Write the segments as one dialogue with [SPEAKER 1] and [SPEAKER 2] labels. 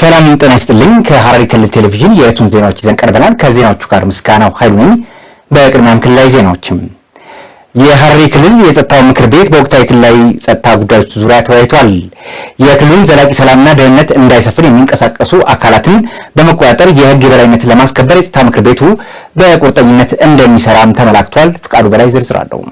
[SPEAKER 1] ሰላም ጤና ይስጥልኝ። ከሐረሪ ክልል ቴሌቪዥን የዕለቱን ዜናዎች ይዘን ቀርበናል። ከዜናዎቹ ጋር ምስጋናው ኃይሉ ነኝ። በቅድሚያም ክልላዊ ዜናዎችም የሐረሪ ክልል የጸጥታው ምክር ቤት በወቅታዊ ክልላዊ ጸጥታ ጉዳዮች ዙሪያ ተወያይቷል። የክልሉን ዘላቂ ሰላምና ደህንነት እንዳይሰፍን የሚንቀሳቀሱ አካላትን በመቆጣጠር የህግ በላይነት ለማስከበር የጸጥታ ምክር ቤቱ በቁርጠኝነት እንደሚሰራም ተመላክቷል። ፍቃዱ በላይ ዝርዝር አለው።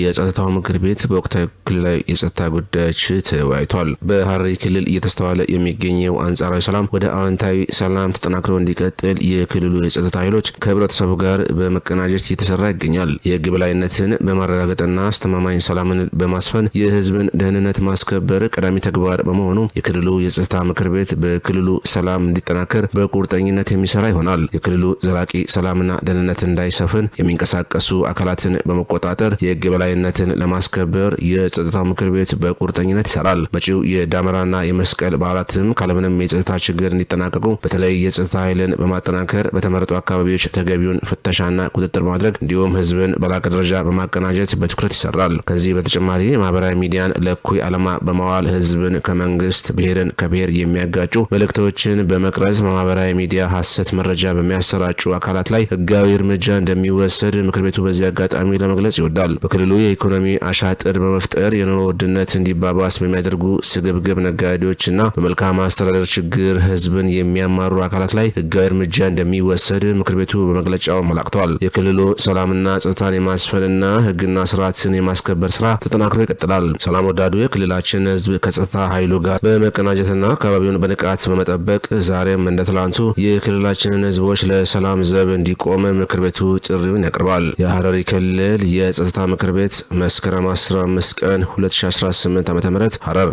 [SPEAKER 2] የጸጥታው ምክር ቤት በወቅታዊ ክልላዊ የጸጥታ ጉዳዮች ተወያይቷል። በሐረሪ ክልል እየተስተዋለ የሚገኘው አንጻራዊ ሰላም ወደ አዎንታዊ ሰላም ተጠናክሮ እንዲቀጥል የክልሉ የጸጥታ ኃይሎች ከህብረተሰቡ ጋር በመቀናጀት እየተሰራ ይገኛል። የህግ በላይነትን በማረጋገጥና አስተማማኝ ሰላምን በማስፈን የህዝብን ደህንነት ማስከበር ቀዳሚ ተግባር በመሆኑ የክልሉ የጸጥታ ምክር ቤት በክልሉ ሰላም እንዲጠናከር በቁርጠኝነት የሚሰራ ይሆናል። የክልሉ ዘላቂ ሰላምና ደህንነት እንዳይሰፍን የሚንቀሳቀሱ አካላትን በመቆጣጠር የህግ የበላይነትን ለማስከበር የጸጥታው ምክር ቤት በቁርጠኝነት ይሰራል። መጪው የዳመራና የመስቀል በዓላትም ካለምንም የጸጥታ ችግር እንዲጠናቀቁ በተለይ የጸጥታ ኃይልን በማጠናከር በተመረጡ አካባቢዎች ተገቢውን ፍተሻና ቁጥጥር በማድረግ እንዲሁም ህዝብን በላቀ ደረጃ በማቀናጀት በትኩረት ይሰራል። ከዚህ በተጨማሪ ማህበራዊ ሚዲያን ለእኩይ ዓላማ በማዋል ህዝብን ከመንግስት ብሔርን ከብሔር የሚያጋጩ መልእክቶችን በመቅረጽ በማህበራዊ ሚዲያ ሀሰት መረጃ በሚያሰራጩ አካላት ላይ ህጋዊ እርምጃ እንደሚወሰድ ምክር ቤቱ በዚህ አጋጣሚ ለመግለጽ ይወዳል። በክልሉ በክልሉ የኢኮኖሚ አሻጥር በመፍጠር የኑሮ ውድነት እንዲባባስ በሚያደርጉ ስግብግብ ነጋዴዎችና በመልካም አስተዳደር ችግር ህዝብን የሚያማሩ አካላት ላይ ህጋዊ እርምጃ እንደሚወሰድ ምክር ቤቱ በመግለጫው አመላክተዋል። የክልሉ ሰላምና ጸጥታን የማስፈንና ህግና ስርዓትን የማስከበር ስራ ተጠናክሮ ይቀጥላል። ሰላም ወዳዱ የክልላችን ህዝብ ከጸጥታ ኃይሉ ጋር በመቀናጀትና አካባቢውን በንቃት በመጠበቅ ዛሬም እንደ ትላንቱ የክልላችንን ህዝቦች ለሰላም ዘብ እንዲቆም ምክር ቤቱ ጥሪውን ያቀርባል። የሀረሪ ክልል የጸጥታ ምክር ቤት ቤት መስከረም 15 ቀን 2018 ዓ.ም ሐረር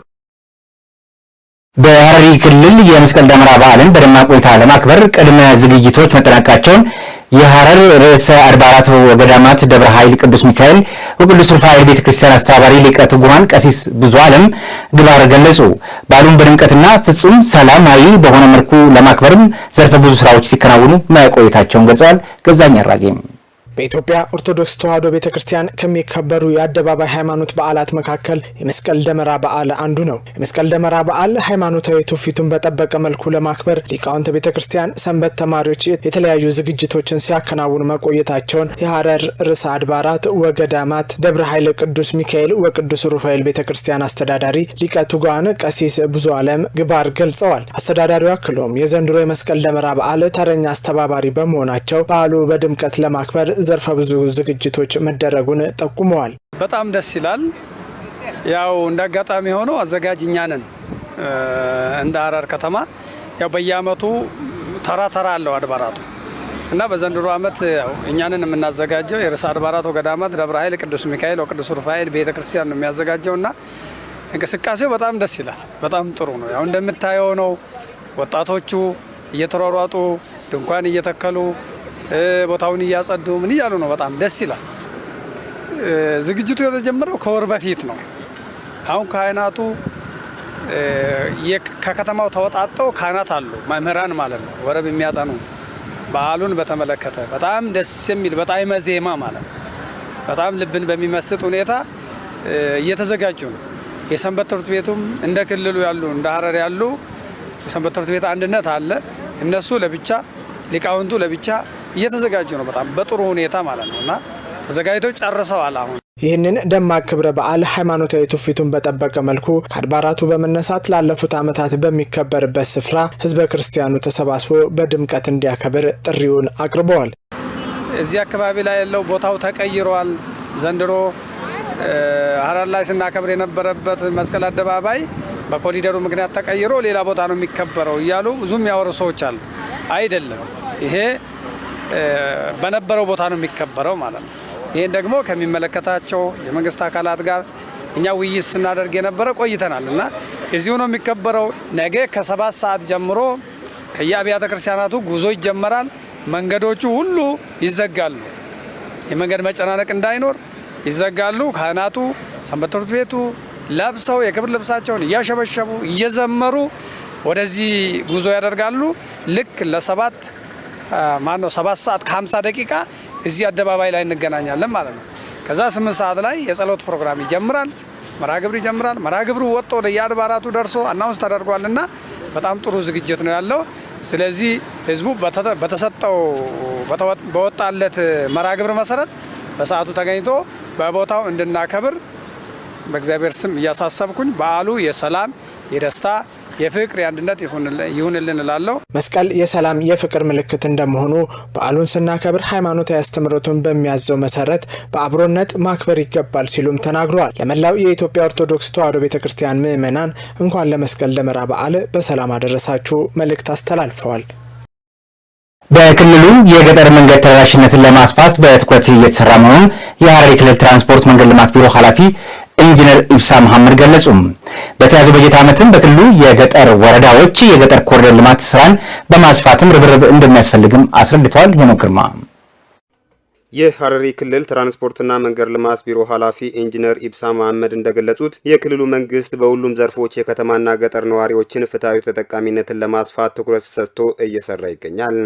[SPEAKER 1] በሐረሪ ክልል የመስቀል ደመራ በዓልን በደማቅ ሁኔታ ለማክበር ቅድመ ዝግጅቶች መጠናቀቃቸውን የሐረር ርዕሰ አድባራት ወገዳማት ደብረ ኃይል ቅዱስ ሚካኤል ወቅዱስ ሩፋኤል ቤተ ክርስቲያን አስተባባሪ ሊቀ ትጉሃን ቀሲስ ብዙ ዓለም ግባር ገለጹ። በዓሉን በድምቀትና ፍጹም ሰላማዊ በሆነ መልኩ ለማክበርም ዘርፈ ብዙ ስራዎች ሲከናወኑ መቆየታቸውን ገልጸዋል። ገዛኝ አራጌም
[SPEAKER 3] በኢትዮጵያ ኦርቶዶክስ ተዋሕዶ ቤተ ክርስቲያን ከሚከበሩ የአደባባይ ሃይማኖት በዓላት መካከል የመስቀል ደመራ በዓል አንዱ ነው። የመስቀል ደመራ በዓል ሃይማኖታዊ ትውፊቱን በጠበቀ መልኩ ለማክበር ሊቃውንተ ቤተ ክርስቲያን፣ ሰንበት ተማሪዎች የተለያዩ ዝግጅቶችን ሲያከናውኑ መቆየታቸውን የሐረር ርዕሰ አድባራት ወገዳማት ደብረ ኃይለ ቅዱስ ሚካኤል ወቅዱስ ሩፋኤል ቤተ ክርስቲያን አስተዳዳሪ ሊቀ ትጉሃን ቀሲስ ብዙ ዓለም ግባር ገልጸዋል። አስተዳዳሪው አክሎም የዘንድሮ የመስቀል ደመራ በዓል ተረኛ አስተባባሪ በመሆናቸው በዓሉ በድምቀት ለማክበር ዘርፈ ብዙ ዝግጅቶች መደረጉን ጠቁመዋል።
[SPEAKER 4] በጣም ደስ ይላል። ያው እንደ አጋጣሚ ሆኖ አዘጋጅ እኛ ነን እንደ ሀረር ከተማ ያው በየአመቱ ተራ ተራ አለው አድባራቱ እና በዘንድሮ አመት እኛንን የምናዘጋጀው የርዕሰ አድባራት ወገዳማት ደብረ ኃይል ቅዱስ ሚካኤል ወቅዱስ ሩፋኤል ቤተ ክርስቲያን ነው የሚያዘጋጀው እና እንቅስቃሴው በጣም ደስ ይላል። በጣም ጥሩ ነው። ያው እንደምታየው ነው። ወጣቶቹ እየተሯሯጡ ድንኳን እየተከሉ ቦታውን እያጸዱ ምን እያሉ ነው። በጣም ደስ ይላል። ዝግጅቱ የተጀመረው ከወር በፊት ነው። አሁን ካህናቱ ከከተማው ተወጣጠው ካህናት አሉ፣ መምህራን ማለት ነው፣ ወረብ የሚያጠኑ በዓሉን በተመለከተ በጣም ደስ የሚል በጣም ዜማ ማለት ነው። በጣም ልብን በሚመስጥ ሁኔታ እየተዘጋጁ ነው። የሰንበት ትምህርት ቤቱም እንደ ክልሉ ያሉ እንደ ሀረር ያሉ የሰንበት ትምህርት ቤት አንድነት አለ። እነሱ ለብቻ ሊቃውንቱ ለብቻ እየተዘጋጁ ነው፣ በጣም በጥሩ ሁኔታ ማለት ነው እና ተዘጋጅተው ጨርሰዋል አሁን
[SPEAKER 3] ይህንን ደማቅ ክብረ በዓል ሃይማኖታዊ ትውፊቱን በጠበቀ መልኩ ከአድባራቱ በመነሳት ላለፉት ዓመታት በሚከበርበት ስፍራ ህዝበ ክርስቲያኑ ተሰባስቦ በድምቀት እንዲያከብር ጥሪውን አቅርበዋል።
[SPEAKER 4] እዚህ አካባቢ ላይ ያለው ቦታው ተቀይሯል። ዘንድሮ ሀረር ላይ ስናከብር የነበረበት መስቀል አደባባይ በኮሪደሩ ምክንያት ተቀይሮ ሌላ ቦታ ነው የሚከበረው እያሉ ብዙ የሚያወሩ ሰዎች አሉ። አይደለም ይሄ በነበረው ቦታ ነው የሚከበረው ማለት ነው። ይህን ደግሞ ከሚመለከታቸው የመንግስት አካላት ጋር እኛ ውይይት ስናደርግ የነበረ ቆይተናል እና እዚሁ ነው የሚከበረው። ነገ ከሰባት ሰዓት ጀምሮ ከየአብያተ ክርስቲያናቱ ጉዞ ይጀመራል። መንገዶቹ ሁሉ ይዘጋሉ። የመንገድ መጨናነቅ እንዳይኖር ይዘጋሉ። ካህናቱ ሰንበት ትምህርት ቤቱ ለብሰው የክብር ልብሳቸውን እያሸበሸቡ እየዘመሩ ወደዚህ ጉዞ ያደርጋሉ ልክ ለሰባት ማን ነው ሰባት ሰዓት ከ50 ደቂቃ እዚህ አደባባይ ላይ እንገናኛለን ማለት ነው። ከዛ ስምንት ሰዓት ላይ የጸሎት ፕሮግራም ይጀምራል፣ መራግብር ይጀምራል። መራግብሩ ወጥቶ ወደ የአድባራቱ ደርሶ አናውንስ ተደርጓልና በጣም ጥሩ ዝግጅት ነው ያለው። ስለዚህ ህዝቡ በተሰጠው በወጣለት መራግብር መሰረት በሰዓቱ ተገኝቶ በቦታው እንድናከብር በእግዚአብሔር ስም እያሳሰብኩኝ በዓሉ የሰላም የደስታ የፍቅር የአንድነት ይሁንልን እላለሁ።
[SPEAKER 3] መስቀል የሰላም የፍቅር ምልክት እንደመሆኑ በዓሉን ስናከብር ሃይማኖታዊ አስተምህሮቱን በሚያዘው መሰረት በአብሮነት ማክበር ይገባል ሲሉም ተናግረዋል። ለመላው የኢትዮጵያ ኦርቶዶክስ ተዋሕዶ ቤተ ክርስቲያን ምዕመናን እንኳን ለመስቀል ደመራ በዓል በሰላም አደረሳችሁ መልእክት አስተላልፈዋል።
[SPEAKER 1] በክልሉ የገጠር መንገድ ተደራሽነትን ለማስፋት በትኩረት እየተሰራ መሆኑን የሐረሪ ክልል ትራንስፖርት መንገድ ልማት ቢሮ ኃላፊ ኢንጂነር ኢብሳ መሐመድ ገለጹ። በተያዘው በጀት ዓመትም በክልሉ የገጠር ወረዳዎች የገጠር ኮሪደር ልማት ስራን በማስፋትም ርብርብ እንደሚያስፈልግም አስረድተዋል። ሄኖክ ግርማ
[SPEAKER 2] የሐረሪ ክልል ትራንስፖርትና መንገድ ልማት ቢሮ ኃላፊ ኢንጂነር ኢብሳ መሐመድ እንደገለጹት የክልሉ መንግስት በሁሉም ዘርፎች የከተማና ገጠር ነዋሪዎችን ፍትሐዊ ተጠቃሚነትን ለማስፋት ትኩረት ሰጥቶ እየሰራ ይገኛል።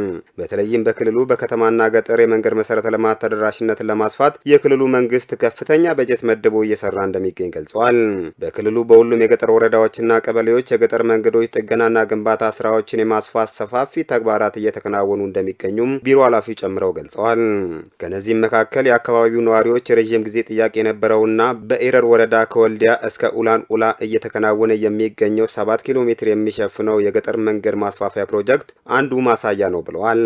[SPEAKER 2] በተለይም በክልሉ በከተማና ገጠር የመንገድ መሰረተ ልማት ተደራሽነትን ለማስፋት የክልሉ መንግስት ከፍተኛ በጀት መድቦ እየሰራ እንደሚገኝ ገልጸዋል። በክልሉ በሁሉም የገጠር ወረዳዎችና ቀበሌዎች የገጠር መንገዶች ጥገናና ግንባታ ስራዎችን የማስፋት ሰፋፊ ተግባራት እየተከናወኑ እንደሚገኙም ቢሮ ኃላፊው ጨምረው ገልጸዋል። ከነዚህም መካከል የአካባቢው ነዋሪዎች የረዥም ጊዜ ጥያቄ የነበረውና በኤረር ወረዳ ከወልዲያ እስከ ኡላን ኡላ እየተከናወነ የሚገኘው ሰባት ኪሎ ሜትር የሚሸፍነው የገጠር መንገድ ማስፋፊያ ፕሮጀክት አንዱ ማሳያ ነው ብለዋል።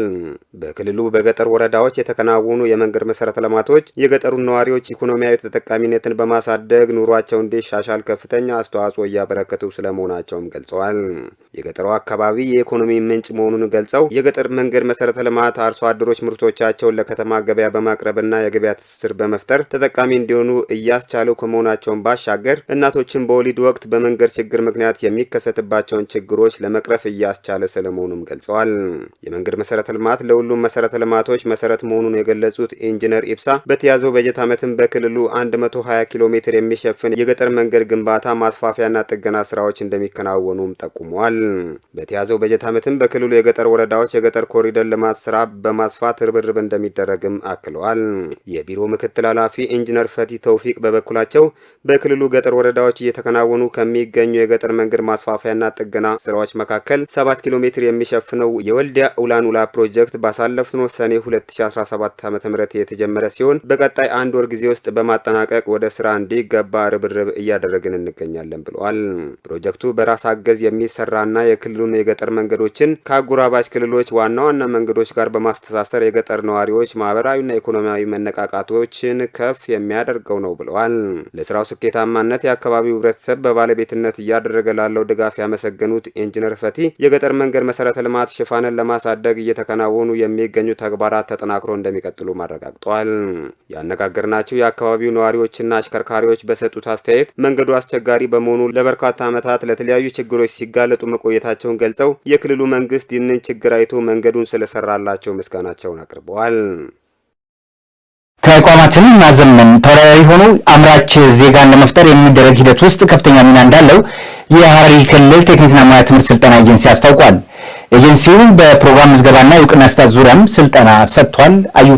[SPEAKER 2] በክልሉ በገጠር ወረዳዎች የተከናወኑ የመንገድ መሰረተ ልማቶች የገጠሩን ነዋሪዎች ኢኮኖሚያዊ ተጠቃሚነትን በማሳደግ ኑሯቸው እንዲሻሻል ከፍተኛ አስተዋጽኦ እያበረከቱ ስለመሆናቸውም ገልጸዋል። የገጠሩ አካባቢ የኢኮኖሚ ምንጭ መሆኑን ገልጸው የገጠር መንገድ መሰረተ ልማት አርሶ አደሮች ምርቶቻቸውን ለከተማ ገበያ በማቅረብና የገበያ ትስስር በመፍጠር ተጠቃሚ እንዲሆኑ እያስቻሉ ከመሆናቸውን ባሻገር እናቶችን በወሊድ ወቅት በመንገድ ችግር ምክንያት የሚከሰትባቸውን ችግሮች ለመቅረፍ እያስቻለ ስለመሆኑም ገልጸዋል። የመንገድ መሰረተ ልማት ለሁሉም መሰረተ ልማቶች መሰረት መሆኑን የገለጹት ኢንጂነር ኢብሳ በተያዘው በጀት ዓመትም በክልሉ 120 ኪሎ ሜትር የሚሸፍን የገጠር መንገድ ግንባታ ማስፋፊያና ጥገና ስራዎች እንደሚከናወኑም ጠቁመዋል። በተያዘው በጀት ዓመትም በክልሉ የገጠር ወረዳዎች የገጠር ኮሪደር ልማት ስራ በማስፋት ርብርብ እንደሚደረግም አክለዋል። የቢሮ ምክትል ኃላፊ ኢንጂነር ፈቲ ተውፊቅ በበኩላቸው በክልሉ ገጠር ወረዳዎች እየተከናወኑ ከሚገኙ የገጠር መንገድ ማስፋፊያና ጥገና ስራዎች መካከል 7 ኪሎ ሜትር የሚሸፍነው የወልዲያ ኡላን ኡላ ፕሮጀክት ባሳለፍነው ሰኔ 2017 ዓ ም የተጀመረ ሲሆን በቀጣይ አንድ ወር ጊዜ ውስጥ በማጠናቀቅ ወደ ስራ እንዲገባ ርብርብ እያደረግን እንገኛለን ብለዋል። ፕሮጀክቱ በራስ አገዝ የሚሰራና የክልሉን የገጠር መንገዶችን ከአጎራባች ክልሎች ዋና ዋና መንገዶች ጋር በማስተሳሰር የገጠር ነዋሪዎች ማህበራዊና ኢኮኖሚያዊ መነቃቃቶችን ከፍ የሚያደርገው ነው ብለዋል። ለስራው ስኬታማነት የአካባቢው ህብረተሰብ በባለቤትነት እያደረገ ላለው ድጋፍ ያመሰገኑት ኢንጂነር ፈቲ የገጠር መንገድ መሰረተ ልማት ሽፋንን ለማሳደግ እየተከናወኑ የሚገኙ ተግባራት ተጠናክሮ እንደሚቀጥሉ አረጋግጠዋል። ያነጋገርናቸው የአካባቢው ነዋሪዎችና አሽከርካሪዎች በሰጡት አስተያየት መንገዱ አስቸጋሪ በመሆኑ ለበርካታ ዓመታት ለተለያዩ ችግሮች ሲጋለጡ መቆየታቸውን ገልጸው የክልሉ መንግስት ይህንን ችግር አይቶ መንገዱን ስለሰራላቸው ምስጋናቸውን አቅርበዋል።
[SPEAKER 1] ተቋማትን ማዘመን ተወዳዳሪ ሆኖ አምራች ዜጋን ለመፍጠር የሚደረግ ሂደት ውስጥ ከፍተኛ ሚና እንዳለው የሐረሪ ክልል ቴክኒክና ሙያ ትምህርት ስልጠና ኤጀንሲ አስታውቋል። ኤጀንሲው በፕሮግራም ምዝገባና እውቅና ዙሪያም ስልጠና ሰጥቷል። አዩ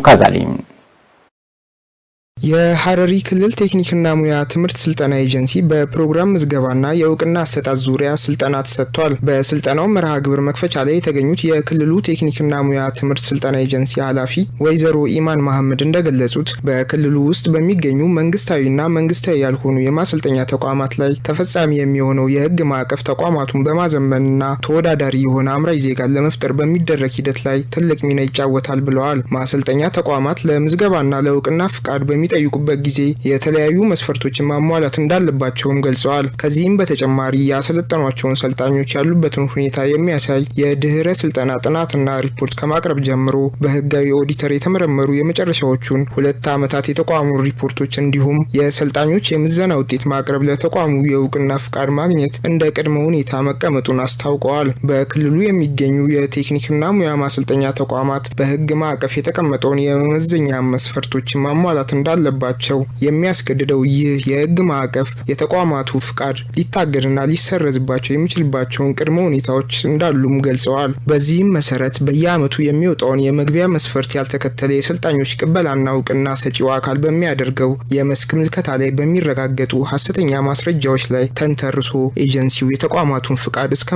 [SPEAKER 3] የሀረሪ ክልል ቴክኒክና ሙያ ትምህርት ስልጠና ኤጀንሲ በፕሮግራም ምዝገባና የእውቅና አሰጣጥ ዙሪያ ስልጠና ተሰጥቷል። በስልጠናው መርሃ ግብር መክፈቻ ላይ የተገኙት የክልሉ ቴክኒክና ሙያ ትምህርት ስልጠና ኤጀንሲ ኃላፊ ወይዘሮ ኢማን መሐመድ እንደገለጹት በክልሉ ውስጥ በሚገኙ መንግስታዊና መንግስታዊ ያልሆኑ የማሰልጠኛ ተቋማት ላይ ተፈጻሚ የሚሆነው የህግ ማዕቀፍ ተቋማቱን በማዘመንና ተወዳዳሪ የሆነ አምራይ ዜጋን ለመፍጠር በሚደረግ ሂደት ላይ ትልቅ ሚና ይጫወታል ብለዋል። ማሰልጠኛ ተቋማት ለምዝገባና ለእውቅና ፍቃድ በሚ በሚጠይቁበት ጊዜ የተለያዩ መስፈርቶችን ማሟላት እንዳለባቸውም ገልጸዋል። ከዚህም በተጨማሪ ያሰለጠኗቸውን ሰልጣኞች ያሉበትን ሁኔታ የሚያሳይ የድህረ ስልጠና ጥናትና ሪፖርት ከማቅረብ ጀምሮ በህጋዊ ኦዲተር የተመረመሩ የመጨረሻዎቹን ሁለት ዓመታት የተቋሙ ሪፖርቶች እንዲሁም የሰልጣኞች የምዘና ውጤት ማቅረብ ለተቋሙ የእውቅና ፍቃድ ማግኘት እንደ ቅድመ ሁኔታ መቀመጡን አስታውቀዋል። በክልሉ የሚገኙ የቴክኒክና ሙያ ማሰልጠኛ ተቋማት በህግ ማዕቀፍ የተቀመጠውን የመመዘኛ መስፈርቶችን ማሟላት እንዳለ እንዳለባቸው የሚያስገድደው ይህ የህግ ማዕቀፍ የተቋማቱ ፍቃድ ሊታገድና ሊሰረዝባቸው የሚችልባቸውን ቅድመ ሁኔታዎች እንዳሉም ገልጸዋል። በዚህም መሰረት በየአመቱ የሚወጣውን የመግቢያ መስፈርት ያልተከተለ የሰልጣኞች ቅበላና እውቅና ሰጪው አካል በሚያደርገው የመስክ ምልከታ ላይ በሚረጋገጡ ሀሰተኛ ማስረጃዎች ላይ ተንተርሶ ኤጀንሲው የተቋማቱን ፍቃድ እስከ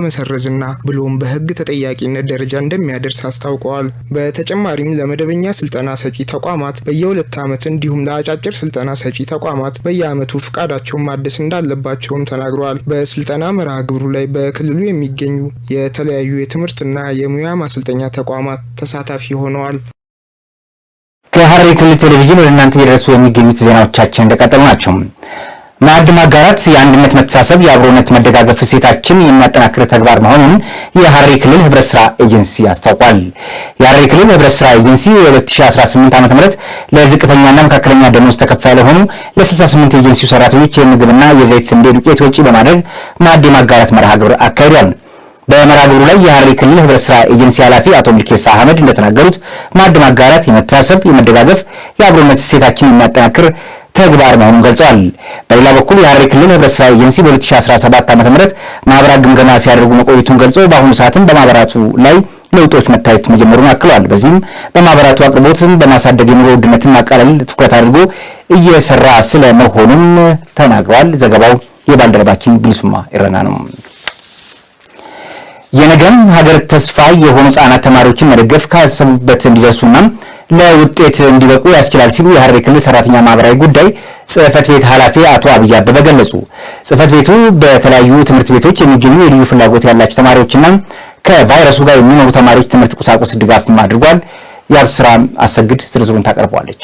[SPEAKER 3] ብሎም በህግ ተጠያቂነት ደረጃ እንደሚያደርስ አስታውቀዋል። በተጨማሪም ለመደበኛ ስልጠና ሰጪ ተቋማት በየሁለት ዓመት እንዲሁም ለ አጫጭር ስልጠና ሰጪ ተቋማት በየአመቱ ፍቃዳቸውን ማደስ እንዳለባቸውም ተናግረዋል። በስልጠና መርሃ ግብሩ ላይ በክልሉ የሚገኙ የተለያዩ የትምህርትና የሙያ ማሰልጠኛ ተቋማት ተሳታፊ ሆነዋል።
[SPEAKER 1] ከሀረሪ ክልል ቴሌቪዥን ወደ እናንተ የደረሱ የሚገኙት ዜናዎቻችን እንደቀጠሉ ናቸው። ማዕድ ማጋራት የአንድነት መተሳሰብ፣ የአብሮነት መደጋገፍ እሴታችን የሚያጠናክር ተግባር መሆኑን የሐረሪ ክልል ህብረት ስራ ኤጀንሲ አስታውቋል። የሐረሪ ክልል ህብረት ስራ ኤጀንሲ የ2018 ም ለዝቅተኛና መካከለኛ ደሞዝ ተከፋይ ለሆኑ ለ68 ኤጀንሲው ሰራተኞች የምግብና የዘይት ስንዴ ዱቄት ወጪ በማድረግ ማዕድ ማጋራት መርሃ ግብር አካሂዷል። በመርሃ ግብሩ ላይ የሐረሪ ክልል ህብረት ስራ ኤጀንሲ ኃላፊ አቶ ሚልኬሳ አህመድ እንደተናገሩት ማዕድ ማጋራት የመተሳሰብ፣ የመደጋገፍ፣ የአብሮነት እሴታችን የሚያጠናክር ተግባር መሆኑን ገልጿል። በሌላ በኩል የሐረሪ ክልል ህብረት ስራ ኤጀንሲ በ2017 ም ማህበራ ግምገማ ሲያደርጉ መቆየቱን ገልጾ በአሁኑ ሰዓትም በማህበራቱ ላይ ለውጦች መታየት መጀመሩን አክለዋል። በዚህም በማህበራቱ አቅርቦትን በማሳደግ የኑሮ ውድነትን ማቃለል ትኩረት አድርጎ እየሰራ ስለ መሆኑም ተናግረዋል። ዘገባው የባልደረባችን ብልሱማ ይረና ነው። የነገም ሀገር ተስፋ የሆኑ ህጻናት ተማሪዎችን መደገፍ ካሰቡበት እንዲደርሱና ለውጤት እንዲበቁ ያስችላል ሲሉ የሐረሪ ክልል ሰራተኛ ማህበራዊ ጉዳይ ጽህፈት ቤት ኃላፊ አቶ አብይ አበበ ገለጹ። ጽህፈት ቤቱ በተለያዩ ትምህርት ቤቶች የሚገኙ የልዩ ፍላጎት ያላቸው ተማሪዎችና ከቫይረሱ ጋር የሚኖሩ ተማሪዎች ትምህርት ቁሳቁስ ድጋፍ አድርጓል። የአብስራ አሰግድ ዝርዝሩን ታቀርበዋለች።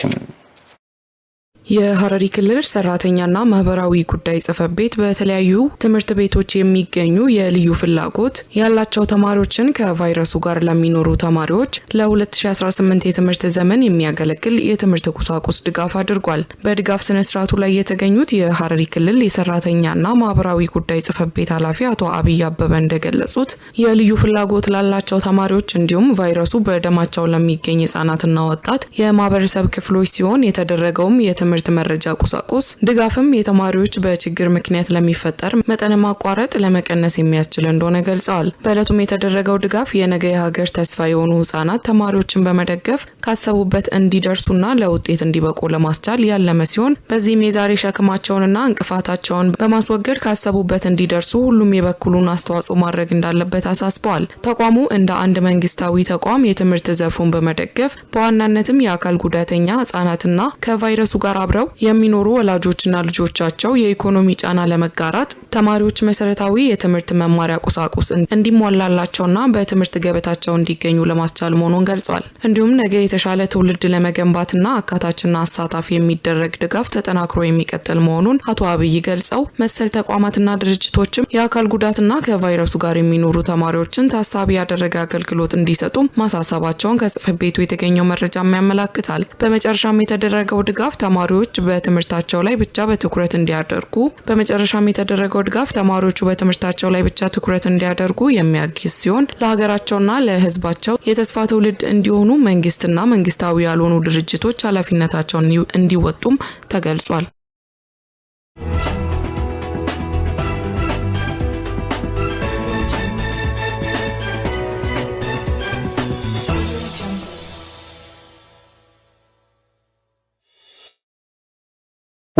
[SPEAKER 3] የሐረሪ ክልል ሰራተኛና ማህበራዊ ጉዳይ ጽህፈት ቤት በተለያዩ ትምህርት ቤቶች የሚገኙ የልዩ ፍላጎት ያላቸው ተማሪዎችን ከቫይረሱ ጋር ለሚኖሩ ተማሪዎች ለ2018 የትምህርት ዘመን የሚያገለግል የትምህርት ቁሳቁስ ድጋፍ አድርጓል። በድጋፍ ስነ ስርዓቱ ላይ የተገኙት የሐረሪ ክልል የሰራተኛና ማህበራዊ ጉዳይ ጽህፈት ቤት ኃላፊ አቶ አብይ አበበ እንደገለጹት የልዩ ፍላጎት ላላቸው ተማሪዎች እንዲሁም ቫይረሱ በደማቸው ለሚገኝ ህጻናትና ወጣት የማህበረሰብ ክፍሎች ሲሆን የተደረገውም የትምህርት የትምህርት መረጃ ቁሳቁስ ድጋፍም የተማሪዎች በችግር ምክንያት ለሚፈጠር መጠነ ማቋረጥ ለመቀነስ የሚያስችል እንደሆነ ገልጸዋል። በዕለቱም የተደረገው ድጋፍ የነገ የሀገር ተስፋ የሆኑ ህጻናት ተማሪዎችን በመደገፍ ካሰቡበት እንዲደርሱና ለውጤት እንዲበቁ ለማስቻል ያለመ ሲሆን በዚህም የዛሬ ሸክማቸውንና እንቅፋታቸውን በማስወገድ ካሰቡበት እንዲደርሱ ሁሉም የበኩሉን አስተዋጽኦ ማድረግ እንዳለበት አሳስበዋል። ተቋሙ እንደ አንድ መንግስታዊ ተቋም የትምህርት ዘርፉን በመደገፍ በዋናነትም የአካል ጉዳተኛ ህጻናትና ከቫይረሱ ጋር አብረው የሚኖሩ ወላጆችና ልጆቻቸው የኢኮኖሚ ጫና ለመጋራት ተማሪዎች መሰረታዊ የትምህርት መማሪያ ቁሳቁስ እንዲሟላላቸውና በትምህርት ገበታቸው እንዲገኙ ለማስቻል መሆኑን ገልጿል። እንዲሁም ነገ የተሻለ ትውልድ ለመገንባትና አካታችና አሳታፊ የሚደረግ ድጋፍ ተጠናክሮ የሚቀጥል መሆኑን አቶ አብይ ገልጸው መሰል ተቋማትና ድርጅቶችም የአካል ጉዳትና ከቫይረሱ ጋር የሚኖሩ ተማሪዎችን ታሳቢ ያደረገ አገልግሎት እንዲሰጡ ማሳሰባቸውን ከጽሕፈት ቤቱ የተገኘው መረጃም ያመላክታል። በመጨረሻም የተደረገው ድጋፍ ተማሪዎች በትምህርታቸው ላይ ብቻ በትኩረት እንዲያደርጉ በመጨረሻም የተደረገው ድጋፍ ተማሪዎቹ በትምህርታቸው ላይ ብቻ ትኩረት እንዲያደርጉ የሚያግዝ ሲሆን ለሀገራቸውና ለሕዝባቸው የተስፋ ትውልድ እንዲሆኑ መንግስትና መንግስታዊ ያልሆኑ ድርጅቶች ኃላፊነታቸውን እንዲወጡም ተገልጿል።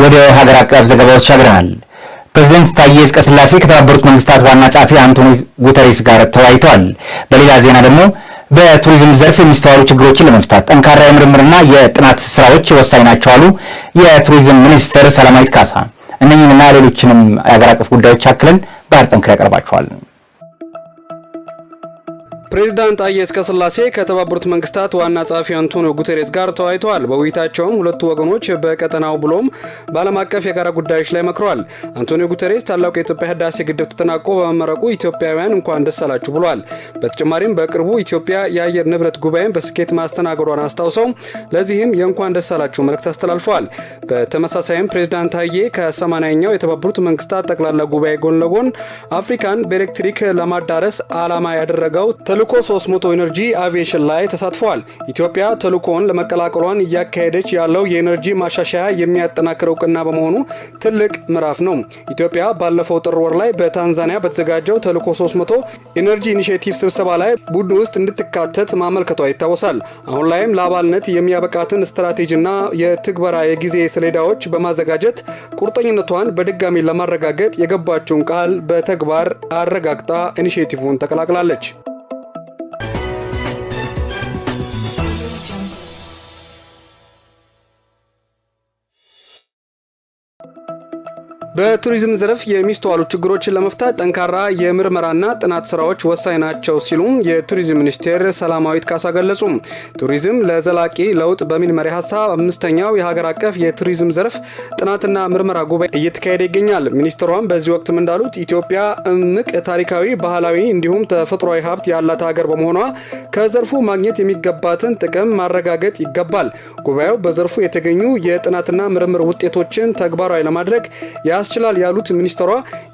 [SPEAKER 1] ወደ ሀገር አቀፍ ዘገባዎች አግረናል። ፕሬዚደንት ታዬ አጽቀሥላሴ ከተባበሩት መንግስታት ዋና ጸሐፊ አንቶኒ ጉተሬስ ጋር ተወያይተዋል። በሌላ ዜና ደግሞ በቱሪዝም ዘርፍ የሚስተዋሉ ችግሮችን ለመፍታት ጠንካራ የምርምርና የጥናት ስራዎች ወሳኝ ናቸው አሉ የቱሪዝም ሚኒስትር ሰላማዊት ካሳ። እነኝህንና ሌሎችንም የአገር አቀፍ ጉዳዮች አክለን ባህር ጠንክር ያቀርባቸዋል።
[SPEAKER 5] ፕሬዚዳንት ታዬ አጽቀሥላሴ ከተባበሩት መንግስታት ዋና ጸሐፊ አንቶኒዮ ጉተሬስ ጋር ተወያይተዋል። በውይይታቸውም ሁለቱ ወገኖች በቀጠናው ብሎም በዓለም አቀፍ የጋራ ጉዳዮች ላይ መክረዋል። አንቶኒዮ ጉተሬስ ታላቁ የኢትዮጵያ ህዳሴ ግድብ ተጠናቆ በመመረቁ ኢትዮጵያውያን እንኳን ደስ አላችሁ ብሏል። በተጨማሪም በቅርቡ ኢትዮጵያ የአየር ንብረት ጉባኤን በስኬት ማስተናገዷን አስታውሰው ለዚህም የእንኳን ደስ አላችሁ መልእክት አስተላልፈዋል። በተመሳሳይም ፕሬዚዳንት ታዬ ኛው የተባበሩት መንግስታት ጠቅላላ ጉባኤ ጎን ለጎን አፍሪካን በኤሌክትሪክ ለማዳረስ ዓላማ ያደረገው ተልኮ 300 ኢነርጂ አቪዬሽን ላይ ተሳትፏል። ኢትዮጵያ ተልኮውን ለመቀላቀሏን እያካሄደች ያለው የኤነርጂ ማሻሻያ የሚያጠናክር እውቅና በመሆኑ ትልቅ ምዕራፍ ነው። ኢትዮጵያ ባለፈው ጥር ወር ላይ በታንዛኒያ በተዘጋጀው ተልኮ 300 ኢነርጂ ኢኒሽቲቭ ስብሰባ ላይ ቡድን ውስጥ እንድትካተት ማመልከቷ ይታወሳል። አሁን ላይም ለአባልነት የሚያበቃትን ስትራቴጂና የትግበራ የጊዜ ሰሌዳዎች በማዘጋጀት ቁርጠኝነቷን በድጋሚ ለማረጋገጥ የገባችውን ቃል በተግባር አረጋግጣ ኢኒሽቲቭን ተቀላቅላለች።
[SPEAKER 1] በቱሪዝም ዘርፍ የሚስተዋሉ ችግሮችን ለመፍታት ጠንካራ የምርመራና ጥናት ስራዎች ወሳኝ ናቸው ሲሉ የቱሪዝም ሚኒስቴር ሰላማዊት ካሳ ገለጹ። ቱሪዝም ለዘላቂ ለውጥ በሚል መሪ ሀሳብ አምስተኛው የሀገር አቀፍ የቱሪዝም ዘርፍ ጥናትና ምርመራ ጉባኤ እየተካሄደ ይገኛል። ሚኒስትሯም በዚህ ወቅትም እንዳሉት ኢትዮጵያ እምቅ ታሪካዊ፣ ባህላዊ እንዲሁም ተፈጥሯዊ ሀብት ያላት ሀገር በመሆኗ ከዘርፉ ማግኘት የሚገባትን ጥቅም ማረጋገጥ ይገባል። ጉባኤው በዘርፉ የተገኙ የጥናትና ምርምር ውጤቶችን ተግባራዊ ለማድረግ ያስችላል ያሉት ሚኒስትሯ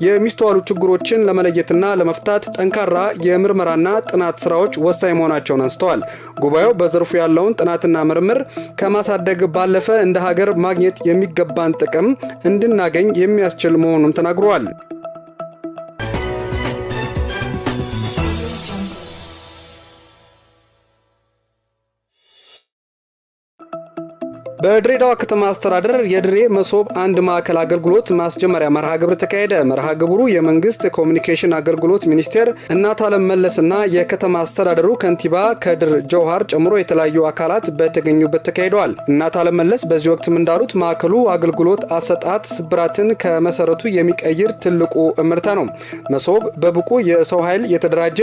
[SPEAKER 1] የሚስተዋሉ ችግሮችን ለመለየትና ለመፍታት ጠንካራ የምርመራና ጥናት ስራዎች ወሳኝ መሆናቸውን አንስተዋል። ጉባኤው በዘርፉ ያለውን ጥናትና ምርምር ከማሳደግ ባለፈ እንደ ሀገር ማግኘት የሚገባን ጥቅም እንድናገኝ የሚያስችል መሆኑን ተናግረዋል። በድሬዳዋ ከተማ አስተዳደር የድሬ መሶብ አንድ ማዕከል አገልግሎት ማስጀመሪያ መርሃ ግብር ተካሄደ። መርሃ ግብሩ የመንግስት ኮሚኒኬሽን አገልግሎት ሚኒስቴር እናት አለም መለስና የከተማ አስተዳደሩ ከንቲባ ከድር ጀውሃር ጨምሮ የተለያዩ አካላት በተገኙበት ተካሂደዋል። እናት አለም መለስ በዚህ ወቅትም እንዳሉት ማዕከሉ አገልግሎት አሰጣት ስብራትን ከመሰረቱ የሚቀይር ትልቁ እምርታ ነው። መሶብ በብቁ የሰው ኃይል የተደራጀ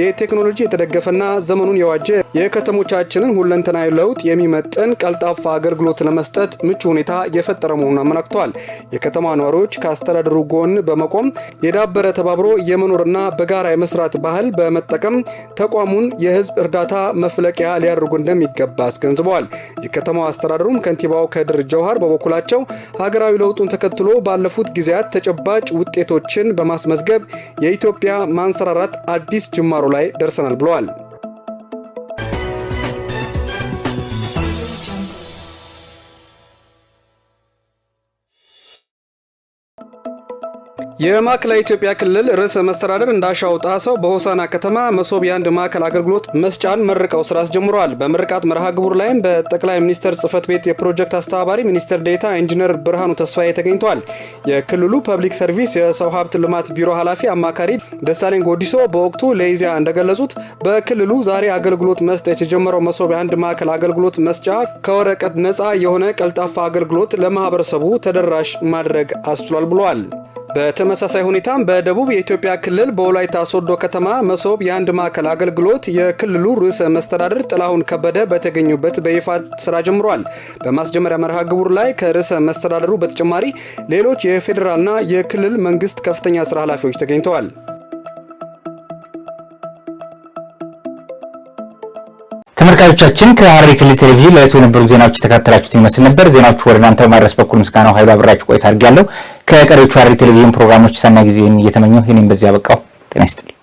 [SPEAKER 1] የቴክኖሎጂ የተደገፈና ዘመኑን የዋጀ የከተሞቻችንን ሁለንተናዊ ለውጥ የሚመጥን ቀልጣፋ አገልግሎት አገልግሎት ለመስጠት ምቹ ሁኔታ የፈጠረ መሆኑን አመላክተዋል። የከተማ ነዋሪዎች ከአስተዳደሩ ጎን በመቆም የዳበረ ተባብሮ የመኖርና በጋራ የመስራት ባህል በመጠቀም ተቋሙን የህዝብ እርዳታ መፍለቂያ ሊያደርጉ እንደሚገባ አስገንዝበዋል። የከተማው አስተዳደሩም ከንቲባው ከድር ጀውሃር በበኩላቸው ሀገራዊ ለውጡን ተከትሎ ባለፉት ጊዜያት ተጨባጭ ውጤቶችን በማስመዝገብ የኢትዮጵያ ማንሰራራት አዲስ ጅማሮ ላይ ደርሰናል ብለዋል። የማዕከላዊ ኢትዮጵያ ክልል ርዕሰ መስተዳደር እንዳሻው ጣሰው በሆሳና ከተማ መሶብ የአንድ ማዕከል አገልግሎት መስጫን መርቀው ስራ አስጀምረዋል። በምርቃት መርሃ ግብር ላይም በጠቅላይ ሚኒስትር ጽህፈት ቤት የፕሮጀክት አስተባባሪ ሚኒስትር ዴታ ኢንጂነር ብርሃኑ ተስፋዬ ተገኝተዋል። የክልሉ ፐብሊክ ሰርቪስ የሰው ሀብት ልማት ቢሮ ኃላፊ አማካሪ ደሳለኝ ጎዲሶ በወቅቱ ለኢዜአ እንደገለጹት በክልሉ ዛሬ አገልግሎት መስጠት የተጀመረው መሶብ የአንድ ማዕከል አገልግሎት መስጫ ከወረቀት ነፃ የሆነ ቀልጣፋ አገልግሎት ለማህበረሰቡ ተደራሽ ማድረግ አስችሏል ብለዋል። በተመሳሳይ ሁኔታም በደቡብ የኢትዮጵያ ክልል በወላይታ ሶዶ ከተማ መሶብ የአንድ ማዕከል አገልግሎት የክልሉ ርዕሰ መስተዳድር ጥላሁን ከበደ በተገኙበት በይፋ ስራ ጀምሯል። በማስጀመሪያ መርሃ ግብሩ ላይ ከርዕሰ መስተዳድሩ በተጨማሪ ሌሎች የፌዴራልና የክልል መንግስት ከፍተኛ ስራ ኃላፊዎች ተገኝተዋል። ተመልካቾቻችን ከሐረሪ ክልል ቴሌቪዥን ለዕለቱ የነበሩ ዜናዎች የተካተላችሁትን ይመስል ነበር። ዜናዎቹ ወደ እናንተ ማድረስ በኩል ምስጋናው ኃይሉ አብራችሁ ቆይታ አድርጌያለሁ። ከቀሪዎቹ ሐረሪ ቴሌቪዥን ፕሮግራሞች ሰናይ ጊዜን እየተመኘሁ እኔም በዚህ አበቃሁ። ጤና ይስጥልኝ።